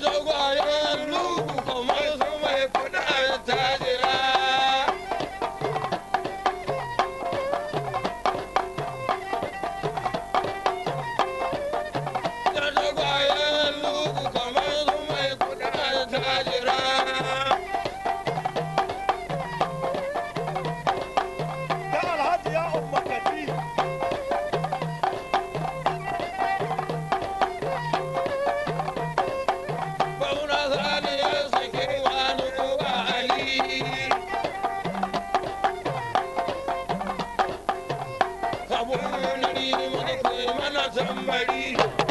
过一路。ko nari maka mana